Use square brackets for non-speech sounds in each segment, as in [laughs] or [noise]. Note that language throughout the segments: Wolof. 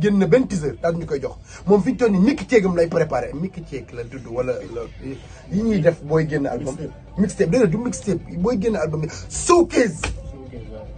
génn na benn teaser daal ñu koy jox moom fi ñu toll nii Mickey Thiek am lay préparé Mickey Thiek la tudd wala yi ñuy def booy génn album. mixtape mixtape déedéet du mixtape booy génn album bi showcase.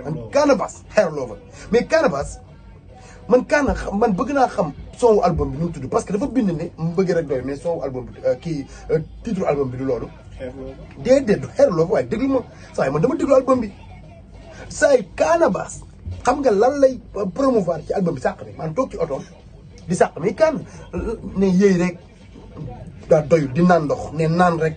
man Canabasse hair lover mais Canabasse man Cana man bëgg naa xam son album bi nu mu tudd parce que dafa bind ne mu bëgg rek doy mais son album bi euh, kii euh, titre album bi du loolu. hair lover du hair lover waaye déglu ma saa yi man dama déglu album bi saa yi Canabasse xam nga lan lay euh, promouvoir ci album bi sàq bi man toog ci di sàq mi kan ne yëy rek daa doyul di naan ndox ne naan rek.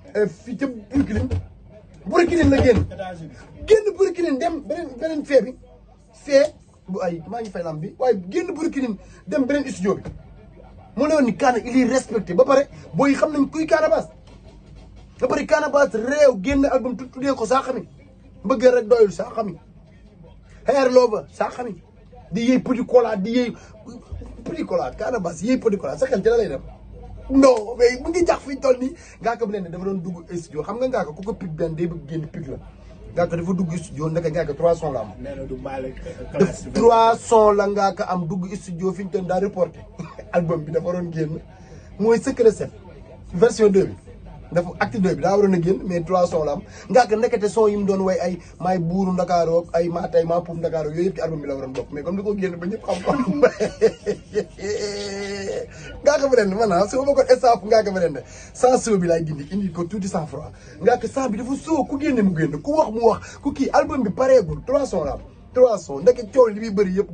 Euh, fii ca Burkina Burkina la génn génn Burkina dem beneen beneen fee bu ay maa ngi fay lam bi waaye génn Burkina dem beneen studio bi moo ne woon ni Kaana il est ba pare booy xam nañ kuy Canabasse ba pare Canabasse réew génn album tuddee ko saa xami mbëggeel rek doyul saa xami xeer looba saa di yëy petit cola di yëy petit cola Canabasse yëy sa xel ci la non mais mu ngi jax fi ñu toll nii Ngaaka mu ne ne dafa doon dugg studio xam nga Ngaaka ku ko pic benn day bëgg génn pic la Ngaaka dafa dugg studio ndaka Ngaaka 300 la am. nee na du mbaale classe 300 la Ngaaka am dugg studio fi ñu toll daa reporté [laughs] album bi dafa doon génn mooy secret set version 2 bi. dafa acte deux bi daa waroon a génn mais trois son la am Ngaaka nekkate son yi mu doon way ay maay buuru Ndakaaroog ay maa tay maa puum Ndakaaroog yooyu yëpp ci album bi la waroon bokk mais comme ni ko génn ba ñëpp xam-xam. [laughs] bi ren man ah su ma bëggoon staff Ngaaka Blindé sans soo bi laay ko tuuti cent franc Ngaaka sans bi dafa soo ku génne mu ku wax mu wax ku kii album bi pareegul trois cent la trois cent ndeke coow li muy bëri yëpp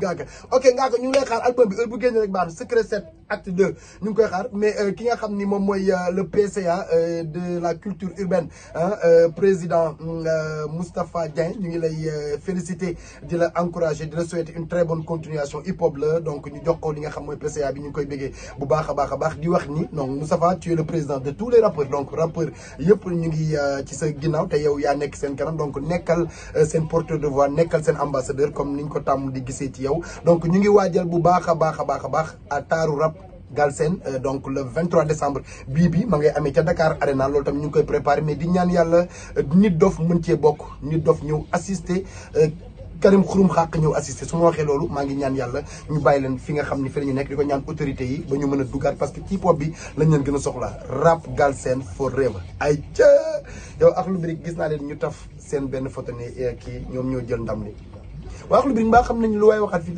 ok Ngaaka ñu ngi lay xaar album bi heure secret set acte 2. ñu ngi koy xaar mais euh, ki nga xamni mom moy euh, le PCA euh, de la culture urbaine hein, président mm, Moustapha Dieng ñu ngi lay féliciter di la encourager di la souhaiter une très bonne continuation hip hop donc ñu jox ko li nga xam moy PCA bi ñu ngi koy béggee bu baax a baax di wax ni non Moustapha tu es le président de tous les rappeurs donc rappeurs yëpp ñu ngi ci sa ginnaaw te yow ya nek sen kanam donc nekkal sen porteur de voix nekkal sen ambassadeur comme niñ ko tam di gisé ci yow donc ñu ngi waajal bu baax a baax a baax à rap Galsen euh, donc le 23 décembre bii bi ma ngay amee ca Dakar Arena loolu tamit ñu ngi koy préparé mais di ñaan yàlla euh, nit dof mën cee bokk nit dof ñëw assister euh, Karim Xurum Xaq ñëw assister su ma waxee loolu maa ngi ñaan yàlla ñu bàyyi leen fi nga xam ni fi ñu nekk di ko ñaan autorité yi ba ñu mën a dugaat parce que ci pop bi lañ leen gën a soxla rap Galsen forever ay ca yow ak lu bari gis naa leen ñu taf seen benn photo ne kii ñoom ñoo jël ndam li waaw ak lu bari xam nañ lu waay waxaat fii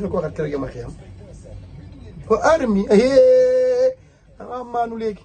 Ah, maluco.